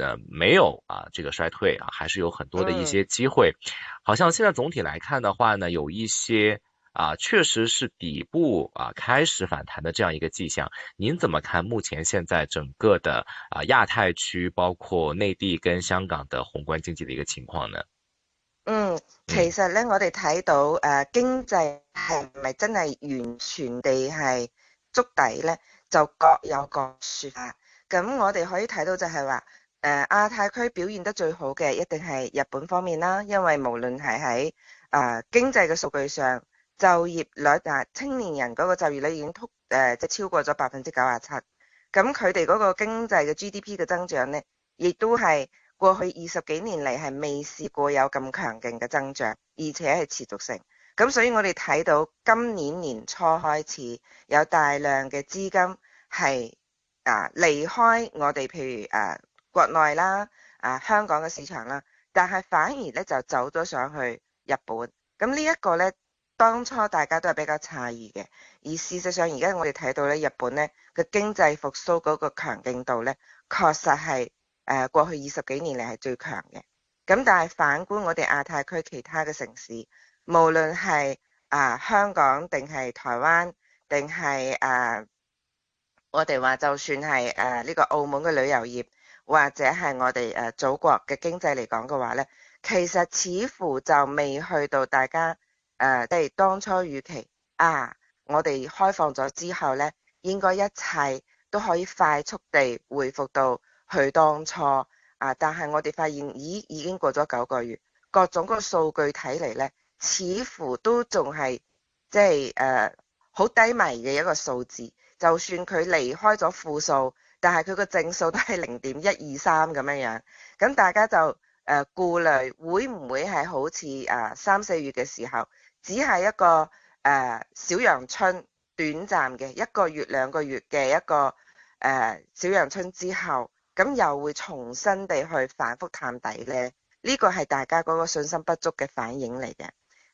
呃，沒有啊，這個衰退啊，還是有很多的一些機會。嗯、好像現在總體來看的話呢，有一些啊，確實是底部啊開始反彈的這樣一個跡象。您怎麼看目前現在整個的啊亞太區，包括內地跟香港的宏觀經濟的一個情況呢？嗯，其實呢，我哋睇到誒、呃，經濟係咪真係完全地係築底呢？就各有各說啦。咁我哋可以睇到就係話。誒，亞太區表現得最好嘅，一定係日本方面啦，因為無論係喺誒經濟嘅數據上，就業率啊，青年人嗰個就業率已經超過咗百分之九十七，咁佢哋嗰個經濟嘅 GDP 嘅增長呢，亦都係過去二十幾年嚟係未試過有咁強勁嘅增長，而且係持續性。咁所以我哋睇到今年年初開始有大量嘅資金係啊離開我哋，譬如誒。國內啦，啊香港嘅市場啦，但係反而咧就走咗上去日本。咁呢一個呢，當初大家都係比較詫異嘅。而事實上，而家我哋睇到咧，日本呢，嘅經濟復甦嗰個強勁度呢，確實係誒過去二十幾年嚟係最強嘅。咁但係反觀我哋亞太區其他嘅城市，無論係啊香港定係台灣定係啊，我哋話就算係誒呢個澳門嘅旅遊業。或者係我哋誒祖國嘅經濟嚟講嘅話呢，其實似乎就未去到大家誒，即係當初預期啊，我哋開放咗之後呢，應該一切都可以快速地回復到佢當初啊。但係我哋發現，咦，已經過咗九個月，各種個數據睇嚟呢似乎都仲係即係誒好低迷嘅一個數字。就算佢離開咗負數。但係佢個正數都係零點一二三咁樣樣，咁大家就誒顧慮會唔會係好似誒三四月嘅時候，只係一個誒小陽春短暫嘅一個月兩個月嘅一個誒小陽春之後，咁又會重新地去反覆探底呢？呢個係大家嗰個信心不足嘅反應嚟嘅。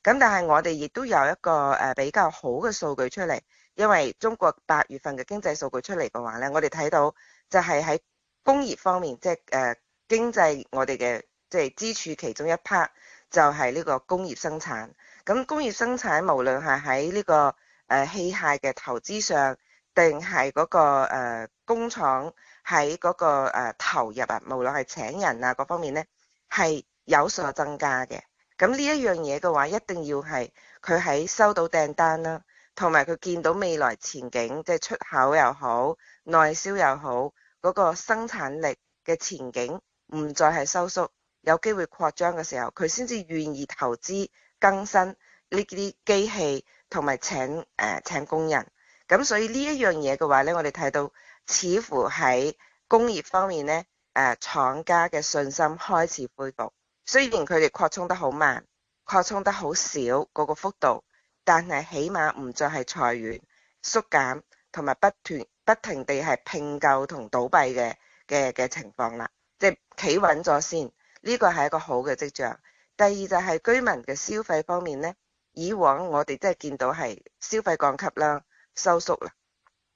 咁但係我哋亦都有一個誒比較好嘅數據出嚟。因為中國八月份嘅經濟數據出嚟嘅話咧，我哋睇到就係喺工業方面，即係誒經濟我哋嘅即係支柱其中一 part 就係呢個工業生產。咁工業生產無論係喺呢個誒器械嘅投資上，定係嗰個誒工廠喺嗰個誒投入啊，無論係請人啊各方面咧，係有所增加嘅。咁呢一樣嘢，嘅話，一定要係佢喺收到訂單啦。同埋佢見到未來前景，即係出口又好，內銷又好，嗰個生產力嘅前景唔再係收縮，有機會擴張嘅時候，佢先至願意投資更新呢啲機器，同埋請誒、呃、請工人。咁所以呢一樣嘢嘅話呢，我哋睇到似乎喺工業方面呢，誒、呃、廠家嘅信心開始恢復，雖然佢哋擴充得好慢，擴充得好少嗰個幅度。但係起碼唔再係裁員、縮減同埋不斷不停地係併購同倒閉嘅嘅嘅情況啦，即係企穩咗先，呢個係一個好嘅跡象。第二就係居民嘅消費方面呢，以往我哋即係見到係消費降級啦、收縮啦、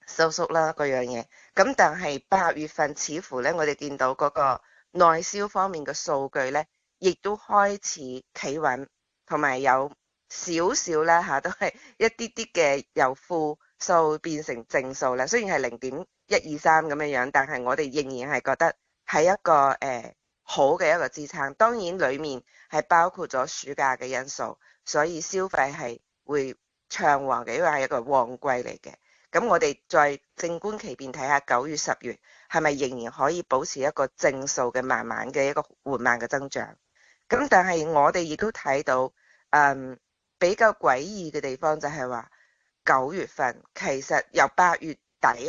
收縮啦嗰樣嘢，咁但係八月份似乎呢，我哋見到嗰個內銷方面嘅數據呢，亦都開始企穩同埋有，有。少少啦，吓，都係一啲啲嘅，由負數變成正數啦。雖然係零點一二三咁樣樣，但係我哋仍然係覺得係一個誒、呃、好嘅一個支撐。當然裏面係包括咗暑假嘅因素，所以消費係會暢旺嘅，因為係一個旺季嚟嘅。咁我哋再靜觀其變睇下九月、十月係咪仍然可以保持一個正數嘅慢慢嘅一個緩慢嘅增長。咁但係我哋亦都睇到，嗯。比較詭異嘅地方就係話，九月份其實由八月底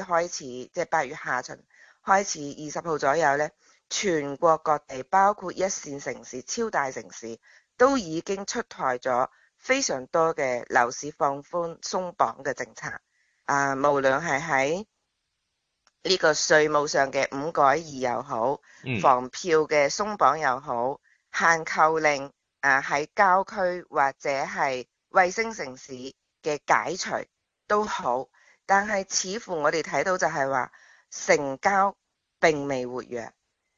開始，即係八月下旬開始，二十號左右呢，全國各地包括一線城市、超大城市，都已經出台咗非常多嘅樓市放寬鬆，鬆綁嘅政策。啊，無論係喺呢個稅務上嘅五改二又好，房票嘅鬆綁又好，限購令。啊！喺郊區或者係衛星城市嘅解除都好，但係似乎我哋睇到就係話成交並未活躍，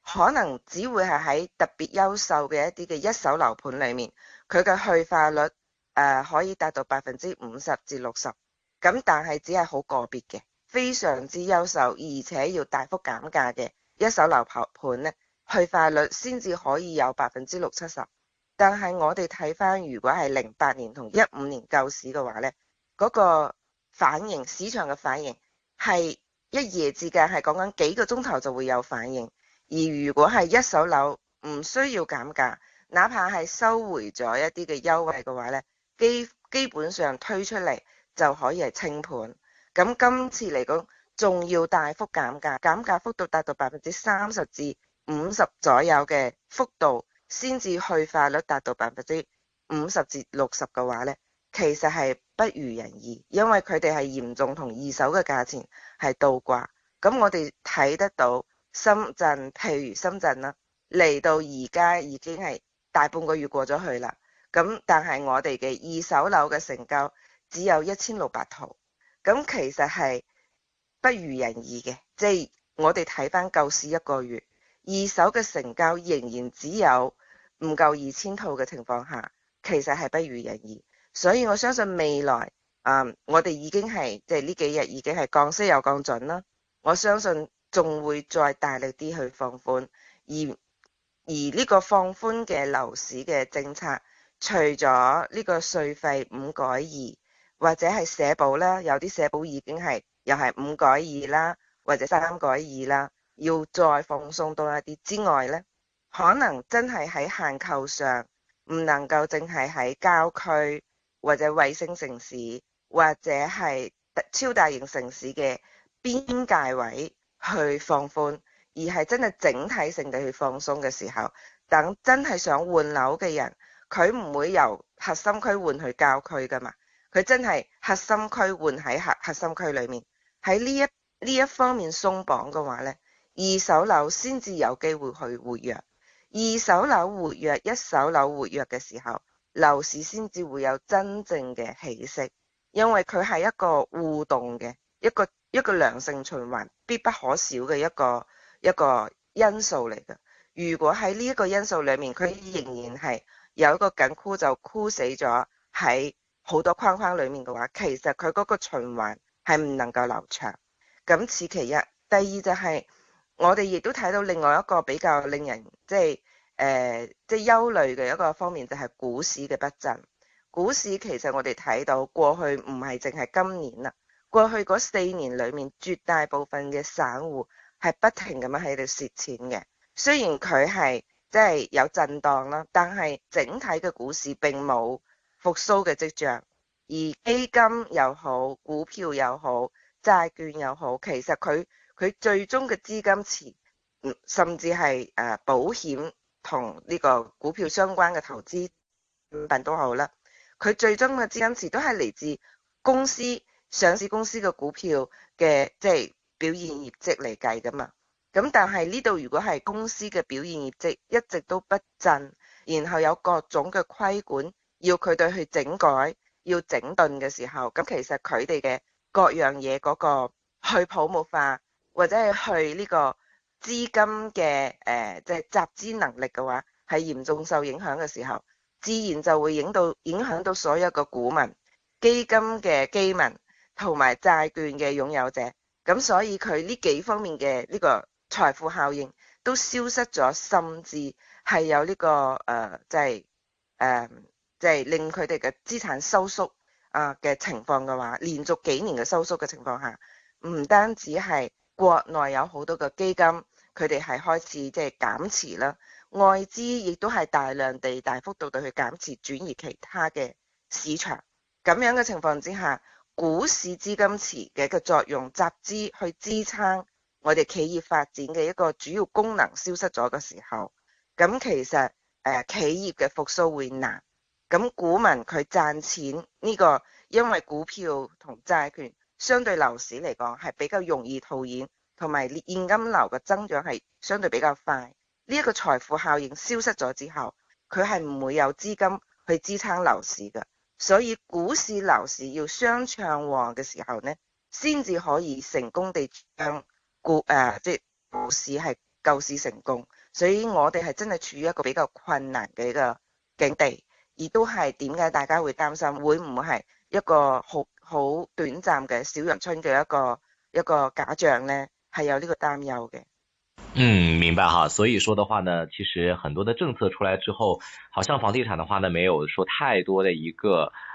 可能只會係喺特別優秀嘅一啲嘅一手樓盤裡面，佢嘅去化率，呃，可以達到百分之五十至六十，咁但係只係好個別嘅，非常之優秀，而且要大幅減價嘅一手樓盤呢，去化率先至可以有百分之六七十。但係我哋睇返，如果係零八年同一五年救市嘅話呢嗰、嗰個反應，市場嘅反應係一夜之間，係講緊幾個鐘頭就會有反應。而如果係一手樓唔需要減價，哪怕係收回咗一啲嘅優惠嘅話呢，基基本上推出嚟就可以係清盤。咁今次嚟講，仲要大幅減價，減價幅度達到百分之三十至五十左右嘅幅度。先至去化率達到百分之五十至六十嘅話呢，其實係不如人意，因為佢哋係嚴重同二手嘅價錢係倒掛。咁我哋睇得到深圳，譬如深圳啦，嚟到而家已經係大半個月過咗去啦。咁但係我哋嘅二手樓嘅成交只有一千六百套，咁其實係不如人意嘅。即係我哋睇翻舊時一個月，二手嘅成交仍然只有。唔夠二千套嘅情況下，其實係不如人意，所以我相信未來啊，我哋已經係即係呢幾日已經係降息又降準啦。我相信仲會再大力啲去放寬，而而呢個放寬嘅樓市嘅政策，除咗呢個稅費五改二或者係社保啦，有啲社保已經係又係五改二啦，或者三改二啦，要再放鬆多一啲之外呢。可能真係喺限購上唔能夠淨係喺郊區或者衛星城市或者係超大型城市嘅邊界位去放寬，而係真係整體性地去放鬆嘅時候，等真係想換樓嘅人，佢唔會由核心區換去郊區噶嘛，佢真係核心區換喺核核心區裏面，喺呢一呢一方面鬆綁嘅話呢，二手樓先至有機會去活躍。二手樓活躍，一手樓活躍嘅時候，樓市先至會有真正嘅起色，因為佢係一個互動嘅一個一個良性循環，必不可少嘅一個一個因素嚟嘅。如果喺呢一個因素裏面，佢仍然係有一個緊箍就箍死咗喺好多框框裏面嘅話，其實佢嗰個循環係唔能夠流暢。咁此其一，第二就係、是。我哋亦都睇到另外一個比較令人即係誒即係憂慮嘅一個方面，就係股市嘅不振。股市其實我哋睇到過去唔係淨係今年啦，過去嗰四年裏面絕大部分嘅散戶係不停咁樣喺度蝕錢嘅。雖然佢係即係有震盪啦，但係整體嘅股市並冇復甦嘅跡象。而基金又好，股票又好，債券又好，其實佢。佢最終嘅資金池，甚至係誒保險同呢個股票相關嘅投資品都好啦。佢最終嘅資金池都係嚟自公司上市公司嘅股票嘅，即係表現業績嚟計噶嘛。咁但係呢度如果係公司嘅表現業績一直都不振，然後有各種嘅規管要佢哋去整改、要整頓嘅時候，咁其實佢哋嘅各樣嘢嗰個去泡沫化。或者係去呢個資金嘅誒，即、呃、係、就是、集資能力嘅話，係嚴重受影響嘅時候，自然就會影到影響到所有嘅股民、基金嘅基民同埋債券嘅擁有者。咁所以佢呢幾方面嘅呢個財富效應都消失咗，甚至係有呢、這個誒，即係誒，即、就、係、是呃就是、令佢哋嘅資產收縮啊嘅情況嘅話，連續幾年嘅收縮嘅情況下，唔單止係。國內有好多嘅基金，佢哋係開始即係減持啦。外資亦都係大量地、大幅度地去減持，轉移其他嘅市場。咁樣嘅情況之下，股市資金池嘅一個作用、集資去支撐我哋企業發展嘅一個主要功能消失咗嘅時候，咁其實誒企業嘅復甦會難。咁股民佢賺錢呢個，因為股票同債券。相對樓市嚟講係比較容易套現，同埋現金流嘅增長係相對比較快。呢一個財富效應消失咗之後，佢係唔會有資金去支撐樓市噶。所以股市、樓市要雙暢旺嘅時候呢，先至可以成功地將股誒，即係股市係救市成功。所以我哋係真係處於一個比較困難嘅一個境地，而都係點解大家會擔心會唔會係一個好好短暫嘅小陽春嘅一個一個假象咧，係有呢個擔憂嘅。嗯，明白哈，所以說的話呢，其實很多的政策出來之後，好像房地產的話呢，沒有說太多的一個。